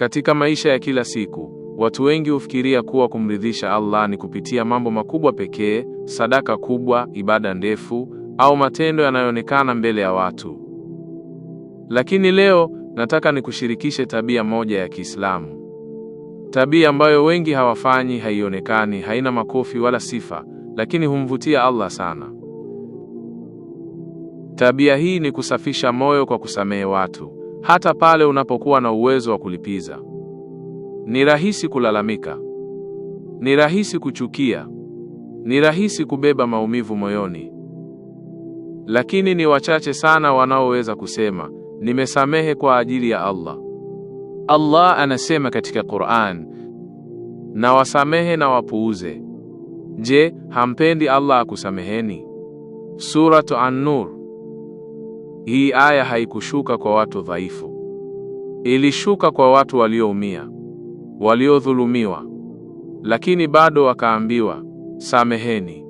Katika maisha ya kila siku, watu wengi hufikiria kuwa kumridhisha Allah ni kupitia mambo makubwa pekee, sadaka kubwa, ibada ndefu au matendo yanayoonekana mbele ya watu. Lakini leo nataka nikushirikishe tabia moja ya Kiislamu, tabia ambayo wengi hawafanyi, haionekani, haina makofi wala sifa, lakini humvutia Allah sana. Tabia hii ni kusafisha moyo kwa kusamehe watu hata pale unapokuwa na uwezo wa kulipiza. Ni rahisi kulalamika, ni rahisi kuchukia, ni rahisi kubeba maumivu moyoni, lakini ni wachache sana wanaoweza kusema nimesamehe kwa ajili ya Allah. Allah anasema katika Qur'an, na wasamehe na wapuuze. Je, hampendi Allah akusameheni? Suratu An-Nur hii aya haikushuka kwa watu dhaifu, ilishuka kwa watu walioumia, waliodhulumiwa, lakini bado wakaambiwa sameheni.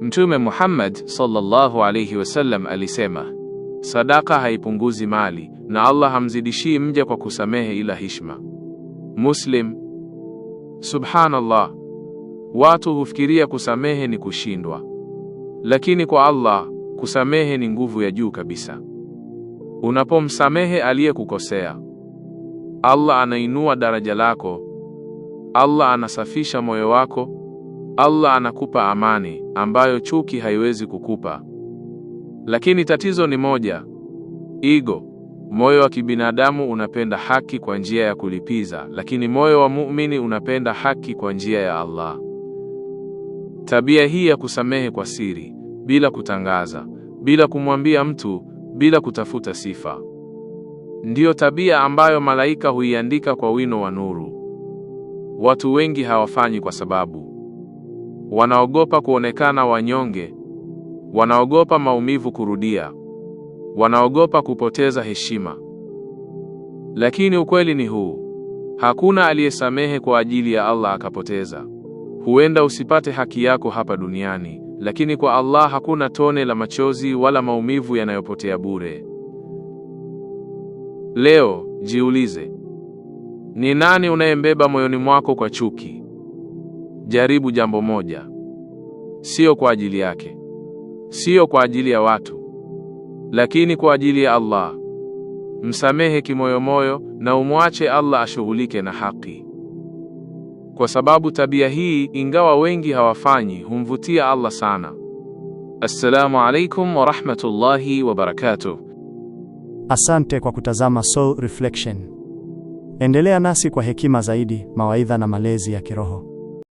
Mtume Muhammad sallallahu alayhi wasallam alisema, sadaka haipunguzi mali na Allah hamzidishii mja kwa kusamehe ila hishma. Muslim. Subhanallah, watu hufikiria kusamehe ni kushindwa, lakini kwa Allah Kusamehe ni nguvu ya juu kabisa. Unapomsamehe aliyekukosea, Allah anainua daraja lako, Allah anasafisha moyo wako, Allah anakupa amani ambayo chuki haiwezi kukupa. Lakini tatizo ni moja, ego. Moyo wa kibinadamu unapenda haki kwa njia ya kulipiza, lakini moyo wa muumini unapenda haki kwa njia ya Allah. Tabia hii ya kusamehe kwa siri bila kutangaza, bila kumwambia mtu, bila kutafuta sifa. Ndiyo tabia ambayo malaika huiandika kwa wino wa nuru. Watu wengi hawafanyi kwa sababu wanaogopa kuonekana wanyonge, wanaogopa maumivu kurudia, wanaogopa kupoteza heshima. Lakini ukweli ni huu: hakuna aliyesamehe kwa ajili ya Allah akapoteza. Huenda usipate haki yako hapa duniani, lakini kwa Allah hakuna tone la machozi wala maumivu yanayopotea bure. Leo jiulize, ni nani unayembeba moyoni mwako kwa chuki? Jaribu jambo moja, sio kwa ajili yake, sio kwa ajili ya watu, lakini kwa ajili ya Allah. Msamehe kimoyomoyo na umwache Allah ashughulike na haki kwa sababu tabia hii, ingawa wengi hawafanyi, humvutia Allah sana. Assalamu alaikum wa rahmatullahi wa barakatuh. Asante kwa kutazama Soul Reflection. Endelea nasi kwa hekima zaidi, mawaidha na malezi ya kiroho.